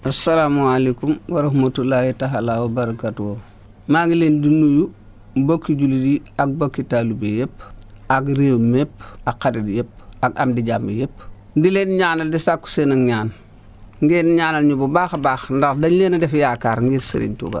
asalaamaaleykum wa rahmatullahi taala wa barakatuhu maa ngi leen di nuyu mbokki jullit yi ak mbokki taalibe yëpp ak réew mépp ak xarit yëpp ak am di jàmm yëpp di leen ñaanal di sàkku seen ak ñaan ngeen ñaanal ñu bu baax a baax ndax dañ leen a def yaakaar ngir Serigne Touba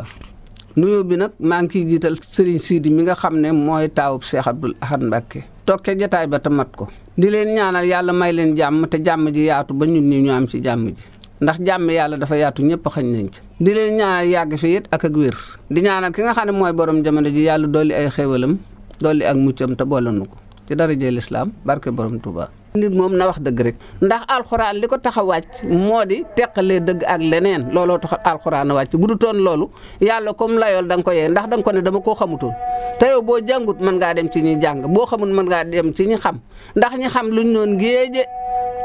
nuyoo bi nag maa ngi ciy jiital Serigne Sidi mi nga xam ne mooy taawub Cheikh Abdoul Ahad Mbacké tokke jataay ba te mat ko di leen ñaanal yàlla may leen jàmm te jàmm ji yaatu ba ñun ñi ñu am ci jàmm ji ndax jàmm yàlla dafa yaatu ñëpp xañ nañ ci di leen yàgg fi it ak ak wér di ñaanal ki nga xam ne mooy borom jamono ji yàlla dolli ay xéwalam dolli ak muccam te boole ko ci darajee lislaam barke borom Touba. nit moom na wax dëgg rek ndax alxuraan li ko tax a wàcc moo di teqalee dëgg ak leneen looloo tax alxuraan a wàcc bu du toon loolu yàlla comme layool da nga ko yee ndax da ko ne dama koo xamutoon te yow boo jàngut mën ngaa dem ci ñi jàng boo xamul mën ngaa dem ci xam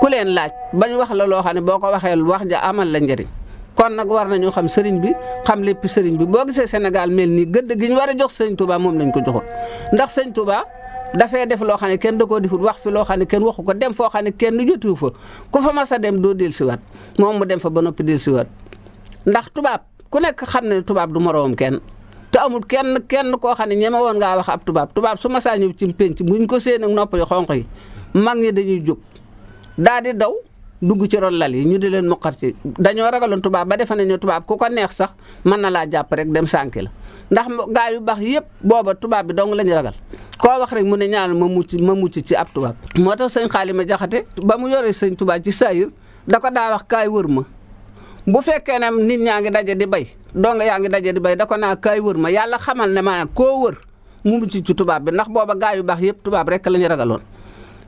ku leen laaj bañ wax la loo xam ne boo ko waxee wax ja amal la njëriñ kon nag war nañoo xam sëriñ bi xam lépp sëriñ bi boo gisee senegal mel nii gëdd gi ñu war a jox sëñ Touba moom lañ ko joxul ndax sëñ Touba dafay def loo xam ne kenn da koo defut wax fi loo xam ne kenn waxu ko dem foo xam ne kenn jotu fa ku fa mas a dem doo dellusiwaat moom mu dem fa ba noppi dellusiwaat ndax tubaab ku nekk xam ne tubaab du moroom kenn. te amul kenn kenn koo xam ne ñeme woon ngaa wax ab tubaab tubaab su ma saa ñëw ci penc buñ ko séen nopp yi xonq yi daa di daw dugg ci ron lal yi ñu di leen muqar ci dañoo ragaloon tubaab ba defe nañu tubaab ku ko neex sax mën na laa jàpp rek dem sànki la ndax gaa yu baax yëpp booba tubaab bi dong la ñu ragal koo wax rek mu ne ñaanal ma mucc ma mucc ci ab tubaab. moo tax sëñ Xaalima Jaxate ba mu yore sëñ tubaab ci saayir da ko daa wax kaay wër ma bu fekkee ne nit ñaa ngi daje di bay dong yaa ngi daje di bay da ko naa kaay wër ma yàlla xamal ne maanaam koo wër mu mucc ci tubaab bi ndax booba gaa yu baax yëpp tubaab rek la ñu ragaloon.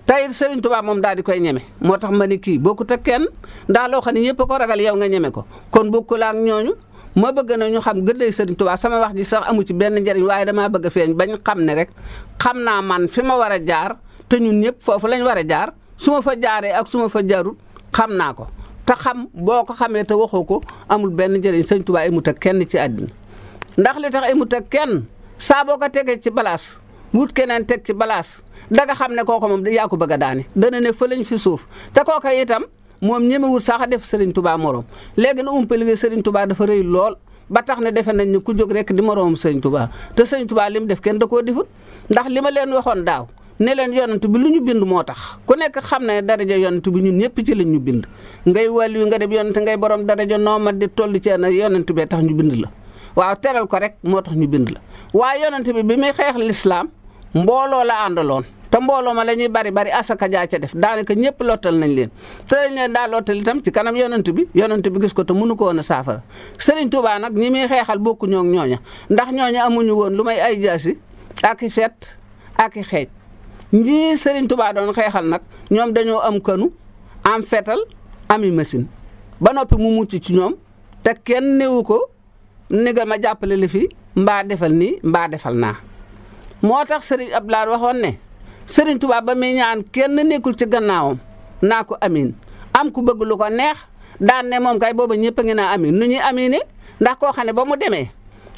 tey Serigne Touba moom daal di koy ñeme moo tax ma ni kii bokkut ak kenn ndax loo xam ne ñëpp ko ragal yow nga ñeme ko kon bokkul ak ñooñu ma bëgg na ñu xam gëddee Serigne Touba sama wax ji sax amu ci benn njariñ waaye damaa bëgg a feeñ bañ xam ne rek xam naa man fi ma war a jaar te ñun ñëpp foofu lañu war a jaar su fa jaaree ak su ma fa jaarul xam naa ko te xam boo ko xamee te waxoo ko amul benn njëriñ Serigne Touba imut ak kenn ci àddina ndax li tax imut ak kenn saa boo ko tegee ci balaas wut keneen teg ci balaas. danga xam ne kooku moom yaa ko bëgg a daane dana ne fëleñ fi suuf te kooka itam moom ñemewul sax a def sëriñ Touba morom léegi na umpali nga Serigne Touba dafa rëy lool. ba tax ne defe nañ ne ku jóg rek di moroom Serigne Touba te Serigne tubaa li mu def kenn da koo defut ndax li ma leen waxoon daaw ne leen yonent bi lu ñu bind moo tax ku nekk xam ne daraja yonent bi ñun ñëpp ci la ñu bind. ngay wàllu nga dem yonent ngay borom daraja noo ma di toll ci na yonent bee tax ñu bind la waaw teral ko rek moo tax ñu bind la waaye yonent bi bi muy xeex lislaam mbooloo la àndaloon. te mbooloo ma lañuy ñuy bari bari asaka jaa ca def daanaka ñëpp lottal nañ leen te dañ leen daa lottal tam ci kanam yonent bi yonent bi gis ko te mënu ko woon a saafara sëriñ Touba nag ñi muy xeexal bokkuñoo ak ñooña ndax ñooña amuñu woon lu may ay jaasi ak i fet ak i xeej ñii Serigne Touba doon xeexal nag ñoom dañoo am kanu am fetal ami machine ba noppi mu mucc ci ñoom te kenn newu ko ni ma jàppale li fi mbaa defal nii mbaa defal naa moo tax Serigne Abdoulaye waxoon ne. Serigne Touba ba muy ñaan kenn nekkul ci gannaawam naa ko amiin am ku bëgg lu ko neex daan ne moom kay booba ñëpp a ngi naa amiin nu ñuy amiine ndax koo xam ne ba mu demee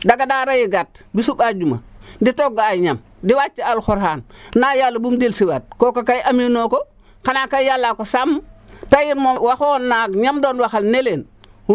daga daa rey gàtt bisub àjjuma di togg ay ñam di wàcc alxuraan naa yàlla bu mu siwaat kooku kay amiinoo ko xanaa kay yàllaa ko sàmm tey moom waxoon naa ñam doon waxal ne leen.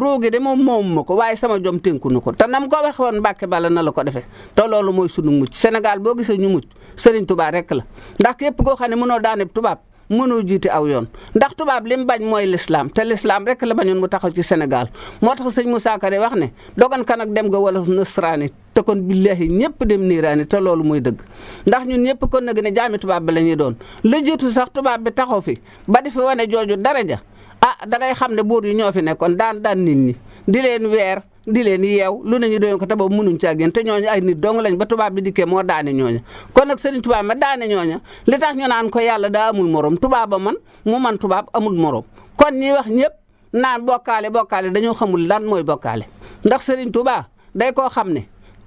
rooge de moom moomu ko waaye sama jom tënku ko te nam ko waxe woon mbàkke bala na la ko defee te loolu mooy sunu mucc Sénégal boo gisee ñu mucc Serigne Touba rek la ndax képp koo xam ne mënoo daaneb tubaab mënoo jiite aw yoon ndax tubaab li mu bañ mooy lislaam te lislaam rek la bañoon mu taxaw ci Sénégal moo tax sëñ Moussa Kare wax ne dogan kan ak dem ga wala nasraani te kon billahi ñëpp dem niiraani te loolu mooy dëgg ndax ñun ñëpp kon nag ne jaami tubaab bi la ñuy doon la jiitu sax tubaab bi taxaw fi ba di fi wane jooju daraja ah da ngay xam ne buur yi ñoo fi nekkoon daan daan nit ñi di leen weer di leen yeew lu ne ñu doon ko te boobu mënuñ ci ak yéen te ñooñu ay nit dong lañ ba tubaab bi dikkee moo daane ñooña kon nag sëriñ tubaab ma daane ñooña li tax ñu naan ko yàlla daa amul moroom tubaab ba man mu man tubaab amul morom kon ñi wax ñëpp naan bokkaale bokkaale dañoo xamul lan mooy bokkaale ndax sëriñ tubaa day koo xam ne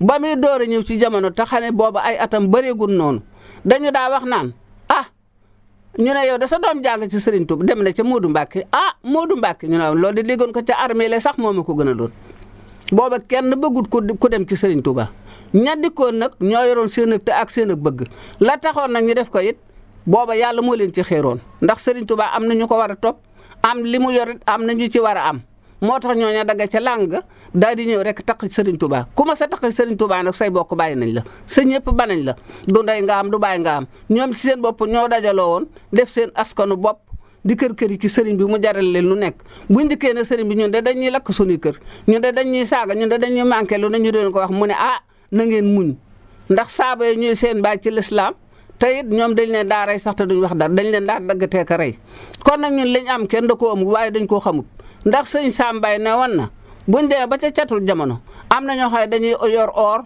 ba muy door ñëw ci jamono te xane ay atam bëreegul noonu dañu daa wax naan ñu ne yow de sa doom jàng ci Serigne Touba dem na ca Modou Mbacke ah Modou Mbacke ñu ne loolu di déggoon ko ca armée la sax moo ma ko gën a doon booba kenn bëggut ku dem ci Serigne Touba ña nag ñoo yoroon seen ak te ak seen bëgg la taxoon nag ñu def ko it booba yàlla moo leen ci xéeroon ndax Serigne Touba am na ñu ko war a topp am li mu yor am na ñu ci war a am. moo tax ñooñu dagga ca làng ga daal di ñëw rek takk Serigne Touba ku ma sa takk Serigne Touba nag say bokk bàyyi nañ la sa ñëpp banañ la du nga am du bàyyi nga am ñoom ci seen bopp ñoo dajaloo woon def seen askanu bopp. di kër kër yi ci sëriñ bi mu jaral leen lu nekk buñ dikkee ne sëriñ bi ñun de dañuy lakk suñuy kër ñun de dañuy saaga ñu de dañ manqué lu ne ñu doon ko wax mu ne ah nangeen ngeen muñ ndax saaba yi ñuy seen baay ci lislaam te it ñoom dañ leen daa rey sax te wax dara dañ leen daa dagg teeka rey kon nag ñun liñ am kenn da koo amul waaye dañ koo xamut ndax sëñ Sàmbaay ne woon na buñ dee ba ca catul jamono am na ñoo xam ne dañuy yor or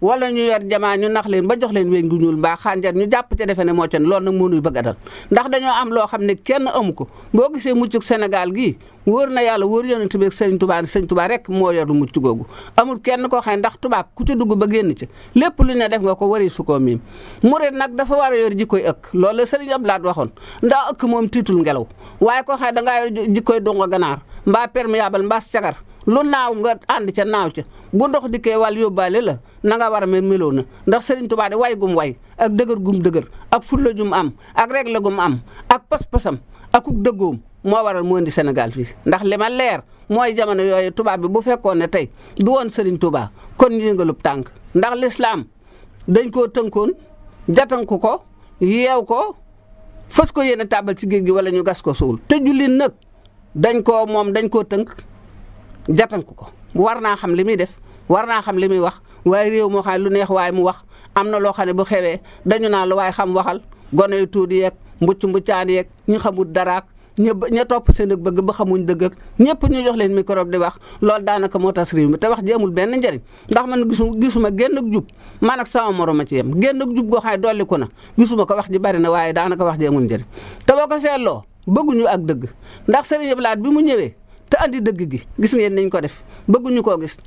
wala ñu yor jamaa ñu nax leen ba jox leen weñ gu ñuul mbaa xànjar ñu jàpp ca defe ne moo ca loolu nag moo nuy bëgg a ndax dañoo am loo xam ne kenn amu ko boo gisee muccug Sénégal gii wóor na yàlla wóor yonent bi ak sëñ tubaa sëñ tubaa rek moo mucc googu amul kenn koo xam ndax tubaab ku ci dugg ba génn ci lépp lu ne def nga ko wari su koo miim murit nag dafa war a yor jikkoy ëkk loolu la sëriñ Abdu Lahat waxoon ndax ëkk moom tiitul ngelaw waaye ko xam ne dangaa yor jikkoy dongo ganaar mbaa perméable mbaa sagar lu naaw nga ànd ca naaw ca bu ndox dikkee wal yóbbaale la na nga war a meloo na ndax Serigne Touba de way gum way ak dëgër gum dëgër ak fulla jum am ak regle gum am ak pas-pasam ak uk dëgoom moo waral mu indi senegal fii ndax li leer mooy jamono yooy tubaab bi bu fekkoon ne tey du woon Serigne Touba kon yëngalub tànk ndax lislaam dañ koo tënkoon jatanku ko yeew ko fas ko yéene tàbbal ci géej gi wala ñu gas ko suul te julli nag dañ ko moom dañ koo tënk jatanku ko war naa xam li muy def war naa xam li muy wax waaye réew moo xam lu neex waaye mu wax am na loo xam ne bu xewee dañu naa lu waaye xam waxal gone yu tuuti yeeg mbucc mbuccaan yeeg ñu xamul daraak ña ña topp seen ak bëgg ba xamuñ dëgg ak ñëpp ñu jox leen micro di wax loolu daanaka moo tas réew mi te wax ji amul benn njëriñ ndax man gisu gisuma génn ak jub man ak sama morom a ci yem génn ak jub goo xam ne dolli ko na gisuma ko wax ji bari na waaye daanaka wax ji amul bëgguñu ak dëgg ndax Serigne Abdoul bi mu ñëwee te andi dëgg gi gis ngeen nañ ko def bëgguñu koo gis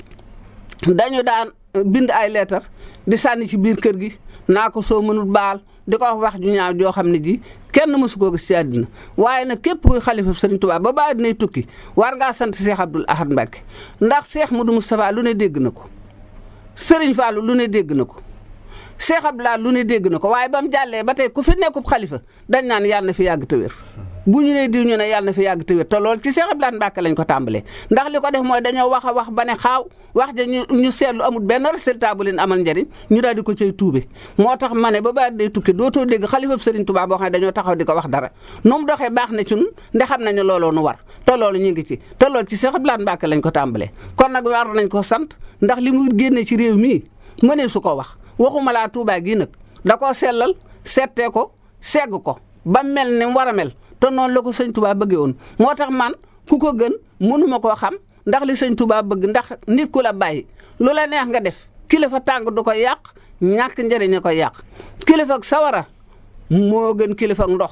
dañu daan bind ay leetar di sànni ci biir kër gi naa ko soo mënut baal di ko wax wax ju ñaaw joo xam ne ji kenn mësu koo gis ci àddina waaye nag képp kuy xalifa Serigne Touba ba ba àddinay tukki war ngaa sant Cheikh Abdoul Ahad Mbacké ndax Cheikh Modou Moustapha lu ne dégg na ko sëriñ Fallou lu ne dégg na ko Cheikh Abdoul lu ne dégg na ko waaye ba mu jàllee ba tey ku fi nekkub xalifa dañ naan yàlla na fi yàgg te wér bu ñu nee diw ñu ne yàlla na fi yàgg te wér te loolu ci Cheikh Abdoulaye Mbacke lañ ko tàmbalee ndax li ko def mooy dañoo wax a wax ba ne xaaw wax ja ñu ñu seetlu amul benn résultat bu leen amal njëriñ ñu daal di ko cay tuube moo tax ma ne ba baax day tukki dootoo dégg xalifa Serigne Touba boo xam ne dañoo taxaw di ko wax dara nu mu baax na ci ñun ndax xam nañu looloo nu war te loolu ñu ngi ci te loolu ci Cheikh Abdoulaye Mbacke lañ ko tàmbalee kon nag war nañ ko sant ndax li mu génnee ci réew mii mënee su ko wax waxuma laa Touba gii nag da koo sellal settee ko segg ko ba mel ni mu war a mel te noonu la ko sëñ Touba bëggee woon moo tax man ku ko gën mënuma koo xam ndax li sëñ Touba bëgg ndax nikola ku bàyyi lu la neex nga def kilifa tàng du ko yàq ñàkk njëriñ ko yàq kilifa sawara moo gën kilifa ndox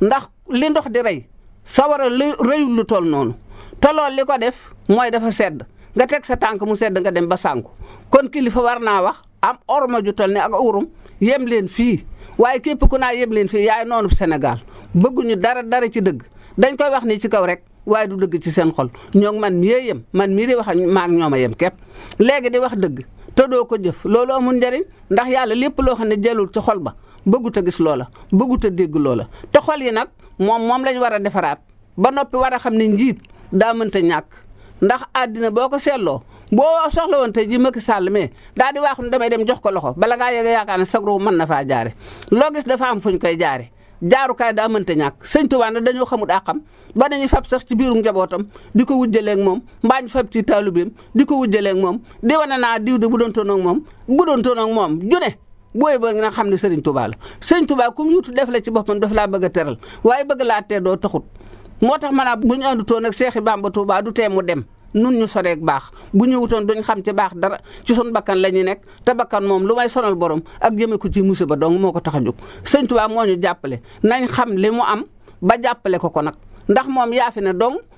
ndax li ndox di rey sawara lu rëyul lu toll noonu te li ko def mooy dafa sedd nga teg sa tànk mu sedd nga dem ba sànku kon kilifa war naa wax am orma ju toll ne ak urum yem leen fii waaye képp ku naa yem leen fii yaay noonu Sénégal bëgguñu dara dara ci dëgg dañ koy wax ni ci kaw rek waaye du dëgg ci seen xol ñoo man mii yem man mii di wax maak ñoom a yem képp léegi di wax dëgg te doo ko jëf loolu amul njariñ ndax yàlla lépp loo xam ne jëlul ci xol ba bëggut a gis loola bëggut a dégg loola te xol yi nag moom moom lañ war a defaraat ba noppi war a xam ne njiit daa mënta ñàkk ndax àddina boo ko seetloo boo soxla woon te jii Macky Sall mais daal di waaxu damay dem jox ko loxo bala ngaa yegg yaakaar ne sagru mën na faa jaare loo dafa am fuñ koy jaare jaarukaay daa mënta ñàkk sëñ Tuubaa nag dañoo xamut àqam ba dañuy fab sax ci biirum njabootam di ko wujjaleeg moom mbaañ fab ci taalubeem di ko wujjaleeg moom di wane naa diw de bu doon toon ak moom bu doon toon ak moom june booy ba nga xam ne sëriñ Tuubaa la sëñ Tuubaa ku mu yuutu def la ci boppam daf laa bëgg teral waaye bëgg laa tee doo taxut moo tax maanaam bu ñu àndutoon ak Seexi bamba Tuubaa du tee mu dem nun ñu soreeg baax bu ñëwutoon duñ xam ci baax dara ci sun bakkan la ñu nekk te bakkan moom lu may sonal borom ak jëme ko ci musiba dong moo ko tax a jóg sëñ Tuubaa moo ñu jàppale nañ xam li mu am ba jàppale ko ko nag ndax moom yaa fi ne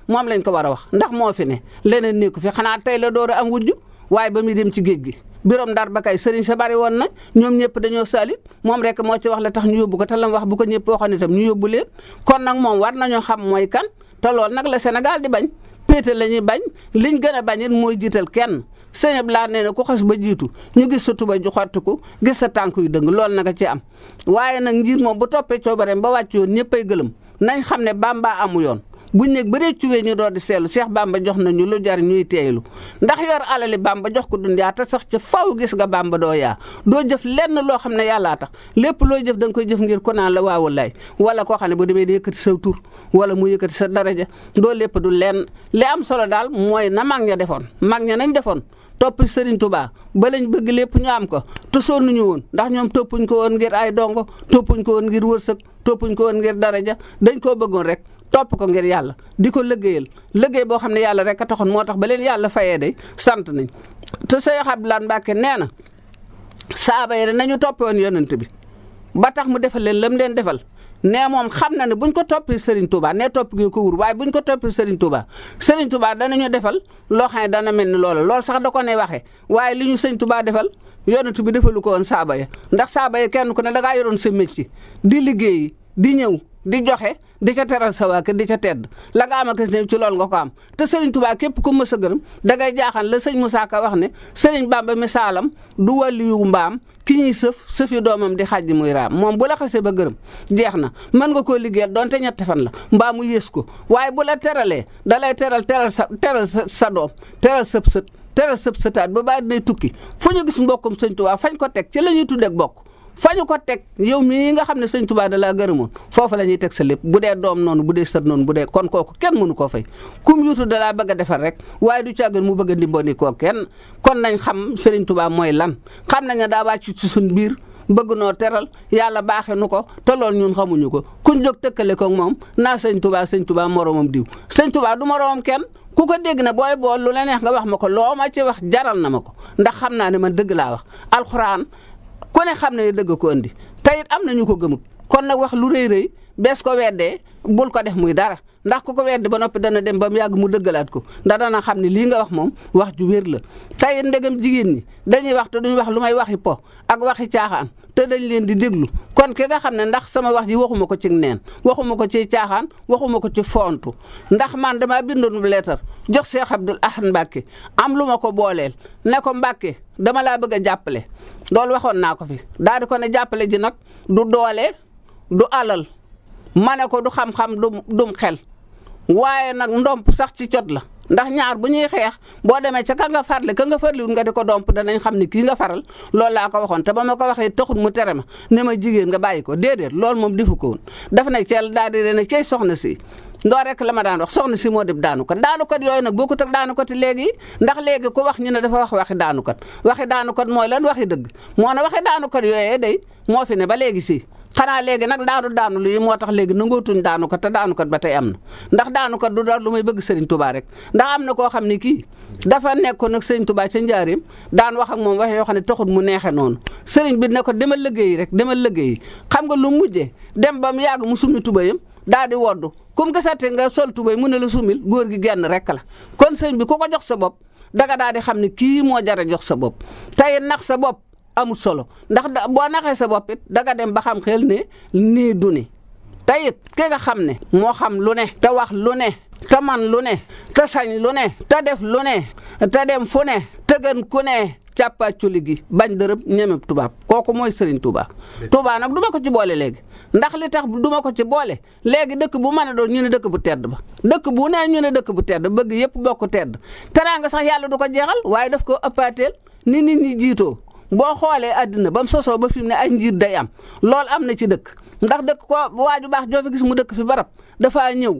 moom lañ ko war a wax ndax moo fi ne leneen nekku fi xanaa tey la door am wujj waaye ba muy dem ci géej gi birom ndar ba kay sëriñ sa bari woon na ñoom ñëpp dañoo salit moom rek moo ci wax la tax ñu yóbbu ko te lam wax bu ko ñëpp waxoon itam ñu yóbbu leen kon nag moom war nañoo xam mooy kan te loolu nag la Sénégal di bañ féete la ñuy bañ liñ gën a bañ mooy jiital kenn sëñ laa nee na ku xas ba jiitu ñu gis sa tuba ju xottiku gis sa tànk yu dëng lool na nga ci am. waaye nag njiit moom bu toppee coobareem ba wàcc yoon ñëppay gëlëm nañ xam ne bàmbaa amu yoon. buñ nekk ba réccuwee ñu doo di seetlu Cheikh Bamba jox nañu lu jar ñuy teeylu ndax yor baam ba jox ko dund yaa te sax ca faw gis baam ba doo yaa doo jëf lenn loo xam ne yàllaa tax lépp looy jëf da nga koy jëf ngir ko naan la waawul lay wala koo xam ne bu demee di yëkkati sa tur wala mu yëkkati sa daraja doo lépp du lenn li am solo daal mooy na mag ña defoon mag ña nañ defoon topp Serigne Touba ba lañ bëgg lépp ñu am ko te sonnuñu woon ndax ñoom toppuñ ko woon ngir ay dongo toppuñ ko woon ngir wërsëg toppuñ ko woon ngir daraja dañ koo bëggoon rek topp ko ngir yàlla di ko lëggéeyal lëggéey boo xam ne yàlla rekk a taxoon moo tax ba leen yàlla fayee de sant nañ te Seex lan Mbàkke nee na saaba yi nañu toppee woon yonent bi ba tax mu defal leen lam mu leen defal nee moom xam na ne buñ ko toppee sëriñ Touba nee topp gi ko wur waaye buñ ko toppee Serigne sëriñ Serigne Touba danañu defal loo xam ne dana mel ni loolu lool sax da ko ne waxee waaye li ñu Serigne Touba defal yonent bi defalu ko woon saaba ya ndax saaba ya kenn ku ne da ngaa yoroon sa métier di liggéey di ñëw di di ca teral sa waa kër di ca tedd la nga am ak ne ci loolu nga ko am te sëriñ Tuubaa képp ku mës a gërëm dangay jaaxaan la sëñ Moussa Ka wax ne sëriñ Bamba misaalam du wàlliyu mbaam ki ñuy sëf sëfi doomam di xaj muy raam moom bu la xasee ba gërëm jeex na mën nga koo liggéeyal donte ñetti fan la mbaam mu yées ko waaye bu la teralee da lay teral teral sa teral sa doom teral sëb sët teral sëp sëtaat ba baat dinay tukki fu ñu gis mbokkum sëñ Tuubaa fañ ko teg ci la ñuy tuddee bokk fa ñu ko teg yow mii nga xam ne sëñ Tuubaa da laa gërëmoon foofu la ñuy teg sa lépp bu dee doom noonu bu dee sët noonu bu dee kon kooku kenn mënu koo fay kum yuutu dalaa bëgg a defar rek waaye du càggan mu bëgg a ndimbooni koo kenn kon nañ xam sëriñ Tuubaa mooy lan xam nañ ne daa wàcc ci suñ biir bëgg noo teral yàlla baaxe nu ko te loolu ñun xamuñu ko kuñ jóg tëkkale ko moom naa sëñ Tuubaa sëñ Tuubaa moroomam diw sëñ Tuubaa du moroomam kenn ku ko dégg na booy bool lu la neex nga wax ma ko loo ma wax jaral na ma ko ndax xam naa ne man dëgg laa wax alxuraan ku ne xam ne dëgg ko andi te it am na ñu ko gëmut kon nag wax lu rëy rëy bees ko weddee bul ko def muy dara ndax ku ko weddi ba noppi dana dem ba mu yàgg mu dëggalaat ko ndax dana xam ni lii nga wax moom wax ju wér la te it ndegam jigéen ñi dañuy waxtu te wax lu may waxi po ak waxi caaxaan te dañ leen di déglu kon ki nga xam ne ndax sama wax ji waxuma ko ci neen waxuma ko ci caaxaan waxuma ko ci foontu ndax man damaa bindoon leetar jox Cheikh Abdoul Ahad Mbacke am lu ma ko booleel ne ko Mbacke dama laa bëgg a jàppale loolu waxoon naa ko fi daade di ko ne jàppale ji nag du doole du alal ma ne ko du xam-xam du dum xel waaye nag ndomp sax ci cot la. ndax ñaar bu ñuy xeex boo demee ca ka nga farle ka nga farliwul nga di ko domp danañ xam ne kii nga faral loolu laa ko waxoon te ba ma ko waxee taxul mu tere ma ne ma jigéen nga bàyyi ko déedéet loolu moom defu ko woon daf na ceel daal di ne cey soxna si ndoo rek la ma daan wax soxna si moo dib daanukat daanukat yooyu nag bokkut ak daanukat yi léegi ndax léegi ku wax ñu ne dafa wax waxi daanukat waxi daanukat mooy lan waxi dëgg moo ne waxi daanukat yooyee day moo fi ne ba léegi si xanaa léegi nag daanu daanu lu yi moo tax léegi nangootuñ daanu ko te daanu kat ba tey am na ndax daanu kat du daal lu may bëgg Serigne Touba rek ndax am na koo xam ne kii dafa nekkoon nag Serigne Touba ca njaareem daan wax ak moom wax yoo xam ne taxut mu neexe noonu Serigne bi ne ko demal liggéeyi rek demal liggéeyi xam nga lu mujjee dem ba mu yàgg mu summi tubéyam daal di woddu comme que sate nga sol tubéy mu ne la sumil góor gi genn rek la kon sëñ bi ku ko jox sa bopp daga daal di xam ne kii moo jar jox sa bopp tey nax sa bopp amul solo ndax da boo naxee sa bopp it danga dem ba xam xel ne nii du ni te it ki nga xam ne moo xam lu ne te wax lu ne te man lu ne te sañ lu ne ta def lu ne te dem fu ne te gën ku ne càppaaculi gi bañ dërëb ñemeb tubaab kooku mooy Serigne Touba. Touba nag duma ko ci boole léegi ndax li tax duma ko ci boole léegi dëkk bu mën doon ñu ne dëkk bu tedd ba dëkk bu ne ñu ne dëkk bu tedd bëgg yëpp bokk tedd teraanga sax yàlla du ko jeexal waaye def ko ëppaateel ni nit ñi boo xoolee àddina ba mu sosoo ba fi ne ay njiit day am loolu am na ci dëkk ndax dëkk ko waa ju baax joo fi gis mu dëkk fi barab dafaa ñëw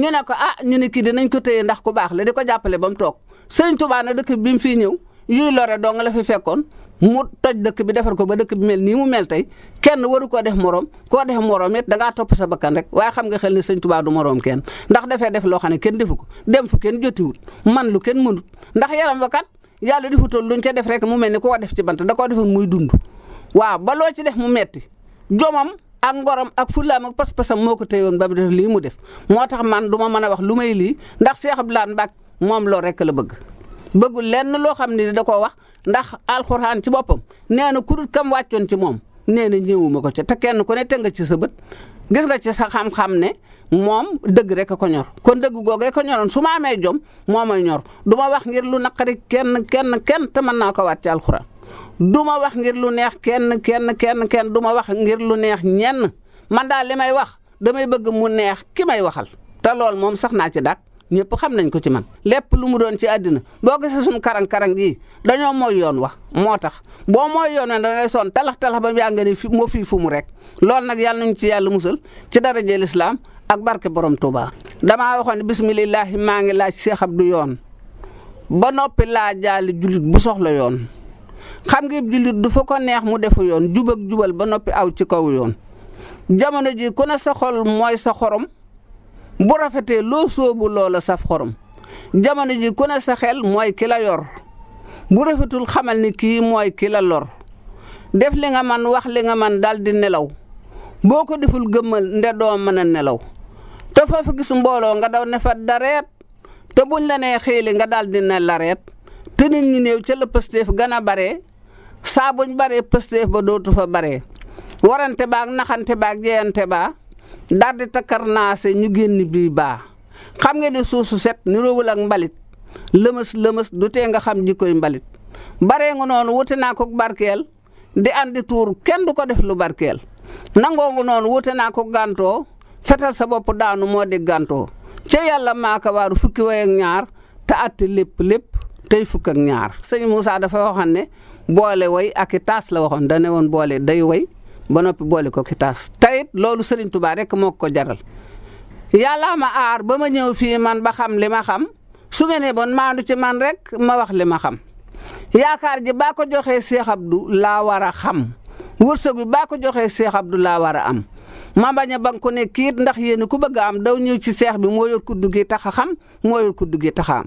ñu ne ko ah ñu ne kii dinañ ko téye ndax ku baax la di ko jàppale ba mu toog sëñ Tuubaa na dëkk bi mu fii ñëw yuy lore dong la fi fekkoon mu toj dëkk bi defar ko ba dëkk bi mel nii mu mel tey kenn waru koo def morom koo def morom it dangaa topp sa bakkan rek waaye xam nga xel ni sëñ tubaa du moroom kenn ndax dafee def loo xam ne kenn defu ko dem fu kenn jotiwut man lu kenn mënut ndax yaram yàlla defutoon luñ ca def rek mu mel ni ku ko def ci bant dakoo koo defoon muy dund waaw ba loo ci def mu metti jomam ak ngorom ak fullaam ak pas-pasam moo ko téyoon ba mu def lii mu def moo tax man du ma mën a wax lu may lii ndax Cheikh Abdou Lahad Mbacké moom loo rek la bëgg bëggul lenn loo xam ne da koo wax ndax alxuraan ci boppam nee na kurut kam wàccoon ci moom nee na ñëwuma ko ca te kenn ku ne te nga ci sa bët gis nga ci sa xam-xam ne moom dëgg rek a ko ñor kon dëgg googu rek a ñoroon su ma amee jom moo may ñor duma wax ngir lu naqari kenn kenn kenn te man naa ko waat ci alxuraan du ma wax ngir lu neex kenn kenn kenn kenn du ma wax ngir lu neex ñenn man daal li may wax damay bëgg mu neex ki may waxal te loolu moom sax naa ci dàq ñëpp xam nañ ko ci man lépp lu mu doon ci àddina boo gisee suñu karang-karang yi dañoo mooy yoon wax moo tax boo mooy yoon da ngay son talax-talax ba yaa nga ni moo fii fu mu rek loolu nag yàlla nañ ci yàlla musal ci daraje lislaam ak barke borom Touba. dama waxoon ne bisimilahi maa ngi laaj Cheikh Abdou yoon ba noppi laa jaali jullit bu soxla yoon xam nga jullit du fa ko neex mu defu yoon jub ak jubal ba noppi aw ci kaw yoon jamono ji ku ne sa xol mooy sa xorom. bu rafetee loo sóobu loola saf xorom jamono ji ku ne sa xel mooy ki la yor bu rafetul xamal ni kii mooy ki la lor def li nga man wax li nga man daal di nelaw boo ko deful gëmmal nde doom mën a nelaw te foofu gis mbooloo nga daw ne fa dareet te buñ la nee xiili nga daal di ne lareet te nit ñi néew ca la pësteef gën a baree saa buñ baree pësteef ba dootu fa baree warante baag naxante baag jeyante baa daal di takkar naase ñu génn bii baa xam nga ne suuf su set niroowul ak mbalit lëmës lëmës du tee nga xam jikkoy mbalit baree nga noonu wute naa ko barkeel di andi tuur kenn du ko def lu barkeel nangoo nga noonu wute naa ko gàntoo setal sa bopp daanu moo di gantoo ca yàlla maaka waaru fukki way ak ñaar te atte lépp lépp tey fukk ak ñaar sëñ Moussa dafa waxoon ne boole way ak i taas la waxoon da ne woon boole day way ba noppi boole ko ki taas tayit loolu Serigne Touba rek moo ko jaral yàllaa ma aar ba ma ñëw fii man ba xam li ma xam su ngeen ne bon maandu ci man rek ma wax li ma xam yaakaar ji baa ko joxee Cheikh du laa war a xam wërsëg bi baa ko joxee Cheikh du laa war a am. ma bañ a banku ne kiit ndax yéen ku bëgg am daw ñëw ci seex bi moo yor kuddu gi tax a xam moo yor kuddu gi tax am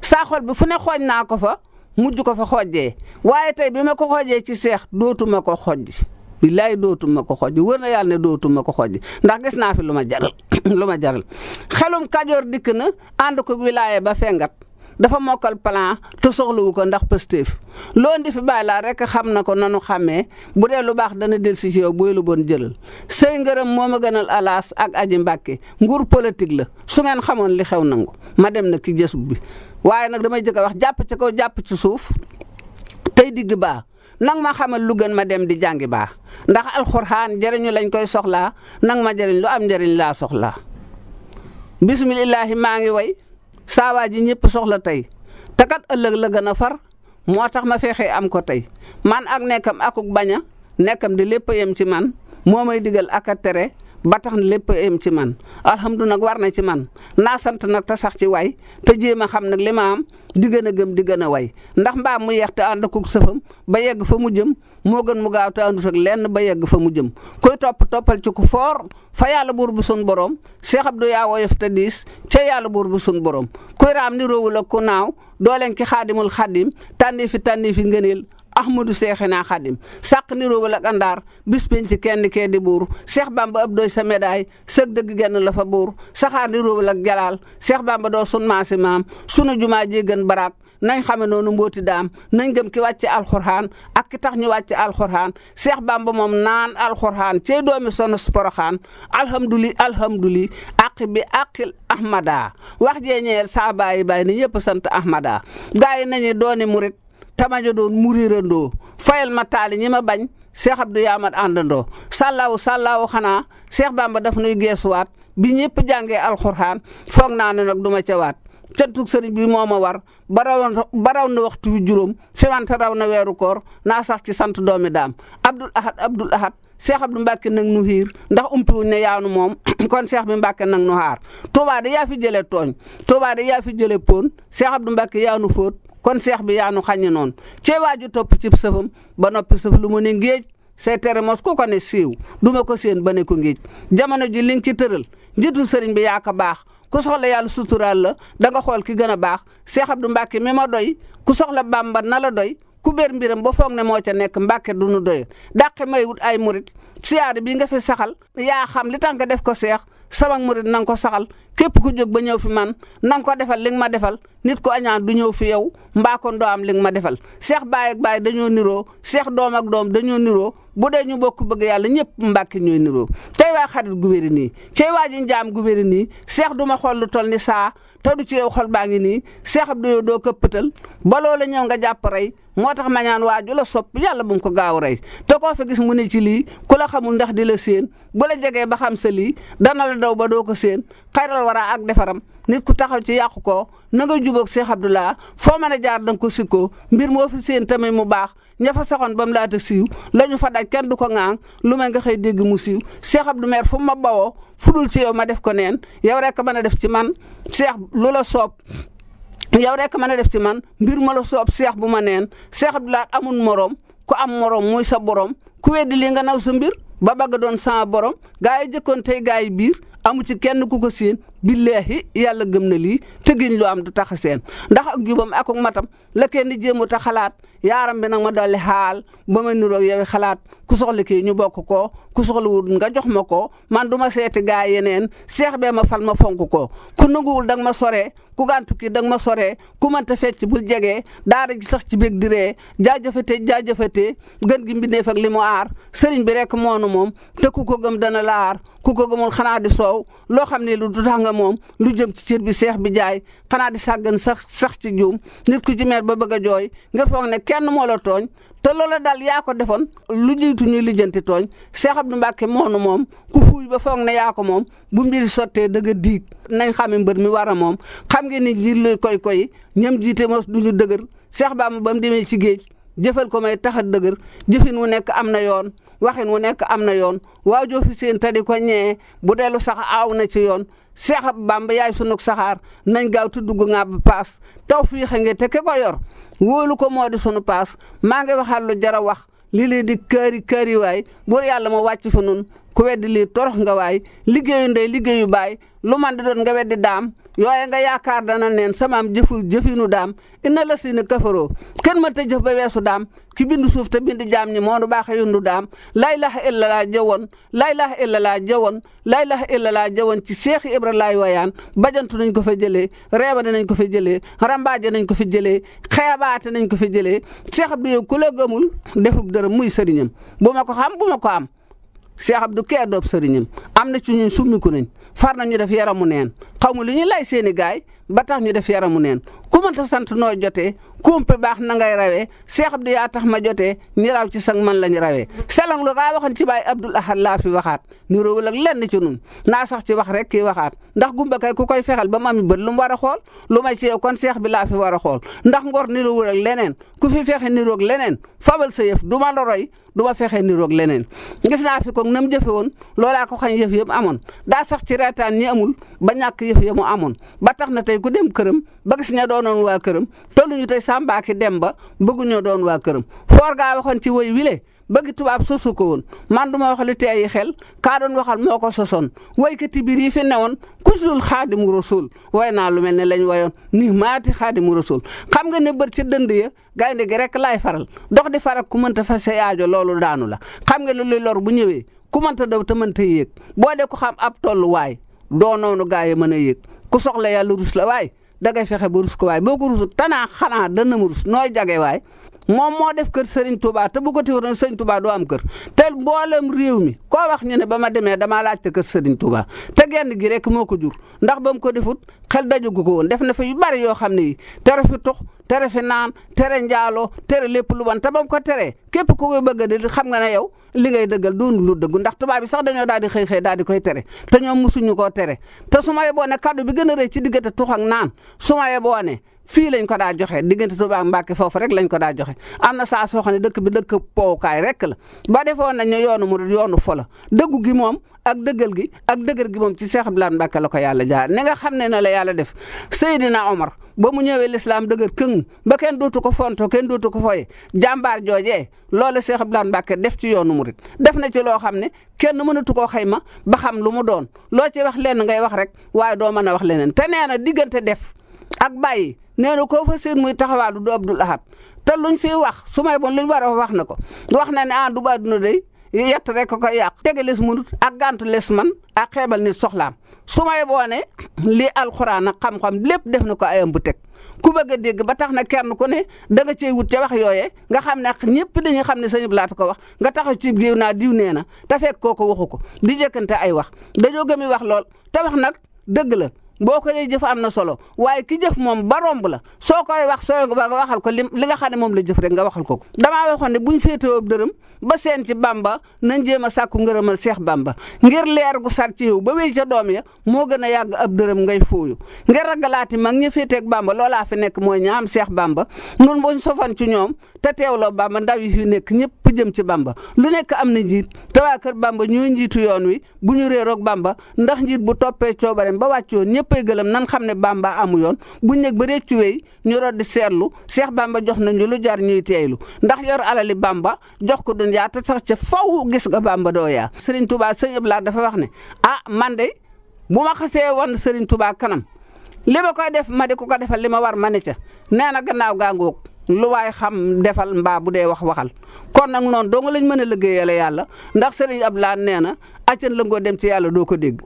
saa bi fu ne xooj naa ko fa mujj ko fa xoojee waaye tey bi ma ko xoojee ci seex dootuma ko xooj billaay dootuma ko xoj wër na yàlla ne dootuma ko xoj ndax gis naa fi lu ma jaral lu ma jaral xelum kajoor dikk na ànd ko wilaaye ba fengat dafa mokkal plan te soxlawu ko ndax Pastef loo indi fi laa rek xam na ko na nu xàmmee bu dee lu baax dana del si si yow buy lu bon jëlal sëy ngërëm moo ma gënal alaas ak aji mbàkke nguur politique la su ngeen xamoon li xew nangu ma dem na ci jës bi waaye nag damay jëkk a wax jàpp ci kaw jàpp ci suuf tey digg nang ma xamal lu gën ma dem di jàngi baax ndax alxuraan jariñu lañ koy soxlaa nang ma jariñ lu am njëriñ laa soxlaa. bisimilahi maa ngi woy saawaa ji ñëpp soxla tey te ëllëg la gën a far moo tax ma fexe am ko tey man ak nekkam akuk baña nekkam di lépp yem ci man moo may digal ak tere. ba na lépp em ci man alhamdulilah nag war na ci man naa sant nag te sax ci way te jéem a xam nag li ma am di gën a gëm di gën a way ndax mbaam mu yeex te ànd akug sëfam ba yegg fa mu jëm moo gën mu gaaw te àndut ak lenn ba yegg fa mu jëm. koy topp toppal ci ku foor fa yàlla buur bu sun borom Cheikh Abdou yaa woyof te diis ca yàlla buur bu sun borom kuy raam ni roowul ak ku naaw dooleen ki xaadimul xaadim tànni fi tànni fi ngëneel ahmadou seexinaa xadim sàq niroo wala kandaar bis pénc ci kenn kee di buur seex bamba ab doy sa médaille sëg dëgg genn la fa buur saxaar niroo wala jalaal seex bamba doo sun maasi maam sunu jumaa ji gën baraak nañ xame noonu mbooti daam nañ gam ki wàcc alxuraan ak ki tax ñu wàcc alxuraan seex bamba moom naan alxuraan cey doomi sono sporoxaan alhamduli alhamduli aqi bi aqil ahmada wax jee ñeel saa bàyyi bàyyi ni ñëpp sant ahmada gaa yi nañu dooni murit tamaño doon murirandoo fayal ma taali ñi ma bañ Cheikh Abdou Yamat àndandoo sàllaawu sàllaawu xanaa Cheikh Bamba daf nuy geesuwaat bi ñëpp jàngee alxuraan foog naa ne nag du ma ca waat bi moo ma war baraw na waxtu wi juróom fi raw na weeru koor naa sax ci sant doomi daam Abdul Ahad Abdul Ahad Cheikh Abdou Mbacke nag nu xiir ndax umpiwuñ ne yaanu moom kon Cheikh bi Mbacke nag nu xaar Touba de yaa fi jëlee tooñ Touba de yaa fi jëlee pon Cheikh Abdou Mbacke yaanu fóot kon seex bi yaa nu xaññi noonu cee waaju topp cib sëfam ba noppi sëf lu mu ne ngéej say tere mos ku ko ne siiw duma ko seen ba ne ko ngéej jamono ji li nga ci tëral njiitu sëriñ bi yaa ko baax ku soxla yàlla suturaal la danga xool ki gën a baax Seex du Mbàkke mi ma doy ku soxla Bàmba na la doy ku béer mbiram ba foog ne moo ca nekk Mbàkke du nu doy dàqe may wut ay murit siyaare bi nga fi saxal yaa xam li tax nga def ko seex sama murit na nga ko saxal képp ku jóg ba ñëw fi man na nga ko defal li ma defal nit ko añaan du ñëw fi yow mbaa kon doo am li ma defal seex baay ak baay dañoo niroo seex doom ak doom dañoo niroo bu dee ñu bokk bëgg yàlla ñëpp mbàkki ñooy niroo tey waa xarit gu nii tey waa ji njaam gu wéri nii seex du ma xool lu toll ni saa tëdu ci yow xol baa ngi nii Seex Abdu doo këppatal ba loola ñëw nga jàpp rey moo tax ma ñaan waaju la sopp yàlla bu mu ko gaaw rey te ko fa gis mu ne ci lii ku la xamul ndax di la séen bu la jegee ba xam sa lii dana la daw ba doo ko séen xayral wara ak defaram nit ku taxaw ci yàqu ko nanga nga jubóog Cheikh Abdoulaye foo man a jaar da nga ko sikkoo mbir moo fi seen tamit mu baax ña fa saxoon ba mu laata siiw la ñu fa daj kenn du ko ŋaang lu may nga xëy dégg mu siiw Cheikh Abdou Mer fu ma bawoo fudul ci yow ma def ko neen yow rek mën a def ci man Cheikh lu la soob yow rek mën a def ci man mbir ma la soob Cheikh bu ma neen Cheikh Abdoulaye amul moroom ku am moroom muy sa boroom ku weddi li nga naw sa mbir ba bëgg doon sa borom amu ci kenn ku ko séen billaahi yàlla gëm na lii tëggiñ lu am du tax a séen ndax ak jubam ak matam la kenn jéemut a xalaat yaaram bi nag ma dolli xaal ba ma niroog yow xalaat ku soxla kii ñu bokk ko ku soxla wut nga jox ma ko man du ma seeti gaa yeneen seex bee ma fal ma fonk ko ku nanguwul danga ma sore ku gàntu kii danga ma sore ku mënta fecc bul jege daara ji sax ci bég di ree jaajëfate jaajëfate gën gi mbindeef ak li mu aar sëriñ bi rek moonu moom te ku ko gëm ku ko gëmul xanaa di soow loo xam ne lu du moom lu jëm ci cër bi seex bi jaay xanaa di sàggan sax sax ci juum nit ku ci ba bëgg jooy nga foog ne kenn moo la tooñ te loola dal yaa ko defoon lu jiitu ñuy lijjanti tooñ Seex Abdu Mbàkke moonu moom ku fuuy ba foog ne yaa ko moom bu mbiri sottee dëgg a diig nañ xame mbër mi war moom xam ngeen ni njiit luy koy koy ñam jiite mos duñu dëgër Seex Bamba ba mu demee ci géej jëfal ko may taxat dëgër jëfin wu nekk am na yoon waxin wu nekk am na yoon waajoo fi seen tadi ko ñee bu dellu sax aaw na ci yoon Seex Bàmba yaay sunug saxaar nañ gaaw te dugg ŋàbb paas taw fu xa ngi te ke ko yor wóolu ko moo di sunu paas maa ngi waxal lu jar a wax lii lay di këri këri waay buur yàlla ma wàcc fa nun ku weddi lii torox nga waay liggéeyu ndey liggéeyu baay lu man di doon nga weddi daam yooye nga yaakaar dana neen samaam jëfu jëfinu daam ina la si ne kafaroo kenn mën ta jëf ba weesu daam ki bindu suuf te bindu jaam ñi moo nu baaxe yundu daam lay ilaha illa laa jëwoon laa ilaha illa laa jëwoon laa ilaha illa laa jëwoon ci seexi ibra laay wayaan bajantu nañ ko fa jëlee reebane nañ ko fa jëlee rambaaje nañ ko fa jëlee xeebaate nañ ko fa jëlee Cheikh Abdou yow ku la gëmul defub dërëm muy sëriñam bu ma ko xam bu ma ko am Cheikh Abdou kee doob sëriñam am na ci ñun summiku nañ far nañ ñu def yaramu neen xaw ma lu ñuy lay seeni gaay ba tax ñu def yaramu neen ku mënta sant noo jotee kumpe baax na ngay rawee Cheikh Abdou yaa tax ma jotee ñi raw ci sang man la ñu rawee selang lu gaa waxoon ci baay Abdoul Ahad laa fi waxaat ñu rëwul ak lenn ci nun naa sax ci wax rek waxaat ndax gumba kay ku koy fexel ba mu am lu mu war a xool lu may ci yow kon Cheikh bi laa fi war a xool ndax ngor niroowul ak leneen ku fi fexe niroog leneen fabal sa yëf du ma la roy du niroog leneen gis naa fi nam jëfe woon loolaa ko xañ yëf yëpp amoon daa sax ci reetaan ñi amul ba ñàkk yëf yëpp mu amoon ba tax na tey ku dem këram ba gis ña doonoon waa këram ñu tey Samba ak Demba bëgguñoo doon waa këram foor ga waxoon ci woy wile bëgg tubaab sosu ko woon man du ma wax xel kaa doon waxal moo ko sosoon woykati biir yi fi newoon ku dul xaadimu rasul way naa lu mel ne lañ wayoon ni maati xaadimu rasul xam nga ne bër ca dënd ya gaynde gi rek laay faral dox di farak ku mënta fas sa aajo loolu daanu la xam nga ne luy lor bu ñëwee ku mënta daw te mënta yéeg boo dee ko xam ab tolluwaay doo noonu gaa mën a yéeg ku soxla yàlla rus la waay dangay fexe ba rus ko waay boo ko rusut tanaa xanaa dana ma rus nooy jage waay moom moo def kër Serigne Touba te bu ko teewoon Serigne Touba doo am kër te mboolem réew mi koo wax ñu ne ba ma demee damaa laajte kër Serigne Touba te genn gi rek moo ko jur ndax ba mu ko defut xel dajagu ko woon def na fi yu bari yoo xam ne yi tere fi tux tere fi naan tere njaaloo tere lépp lu bon te ba mu ko tere képp ku koy bëgg di xam nga ne yow li ngay dëggal doon lu dëgg ndax tubaab bi sax dañoo daal di xëy xëy daal di koy tere te mosuñu koo tere te su ma yeboo ne kaddu bi gën a rëy ci diggante tux ak naan su ma yeboo ne fii lañ ko daa joxe diggante Touba ak Mbacke foofu rek lañ ko daa joxe am na saa soo xam ne dëkk bi dëkk powukaay rek la ba defoon nañ ne yoonu mu yoonu folo dëggu gi moom ak dëggal gi ak dëgër gi moom ci Cheikh Abdoulaye Mbacke la ko yàlla jaar ni nga xam ne na la yàlla def Seydina Omar ba mu ñëwee lislaam dëgër këng ba kenn dootu ko fonto kenn dootu ko foye jàmbaar joojee loolu Cheikh Abdoulaye Mbacke def ci yoonu murit def na ci loo xam ne kenn mënatu koo xayma ba xam lu mu doon loo ci wax lenn ngay wax rek waaye doo mën a wax leneen te na diggante def ak bàyyi nee na koo fa seen muy taxawaalu du Abdul Ahad te luñ fi wax su may bon luñ war a wax na ko wax na ne ah du ba duna day yett rek ko koy yàq tege les munut ak gàntu les man ak xeebal nit soxlaam su may boone li alxuraan ak xam-xam lépp def na ko ayam bu teg ku bëgg a dégg ba tax na kenn ku ne da nga cey wut ca wax yooyee nga xam ne ñëpp dañuy xam ne sañu laata ko wax nga taxaw ci géew naa diw nee na te fekk kooku waxu ko di jëkkante ay wax dañoo gëmi wax lool te nag dëgg la boo ko dee jëf am na solo waaye ki jëf moom ba romb la soo koy wax soo ba nga waxal ko li li nga xam ne moom la jëf rek nga waxal ko ko. damaa waxoon ne bu ñu féetewoo dërëm ba seen ci bamba nañ jéem a sàkku ngërëmal seex bamba ngir leer gu sar ci yow ba wéy ca doom ya moo gën a yàgg ab dërëm ngay fooyu ngir ragalaati mag ñi féeteeg bamba loolaa fi nekk mooy ñaam seex bamba ñun bu ñu ci ñoom te teew teewloo bamba ndaw yi fi nekk ñëpp jëm ci bamba lu nekk am na njiit te waa kër bamba ñoo njiitu yoon wi bu ñu réeroog bamba ndax njiit bu toppee coobareem ba wàccoon ñëpp ñëppay gëlëm nan xam ne bamba amu yoon bu nekk ba réccu wey ñu root di seetlu seex bamba jox nañu lu jar ñuy lu ndax yor alali bamba jox ko dun yaa sax ca faw gis nga bamba doo yaa sëriñ tubaa sëñ Abdou Lahad dafa wax ne a ah, man de bu ma xasee wan sëriñ tubaa kanam li ma koy def ma di ko ko defal li ma war ma ne ca nee na gannaaw gaangoog lu waay xam defal mbaa bu dee wax waxal kon nag noonu doo nga lañ mën a liggéeyale yàlla ndax sëriñ Abdou nee na accan la ngoo dem ci yàlla doo ko dégg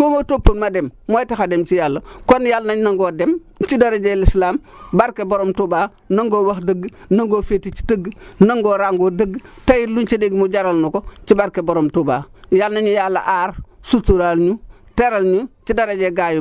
koo ma toppoon ma dem mooy tax a dem ci yàlla kon yàlla nañ nangoo dem ci darajee lislaam barke borom Touba nangoo wax dëgg nangoo féeti ci dëgg nangoo ràngoo dëgg tey luñ ci dégg mu jaral nu ko ci barke borom Touba yàlla nañu yàlla aar suturaal ñu teral ñu ci darajee gaa yu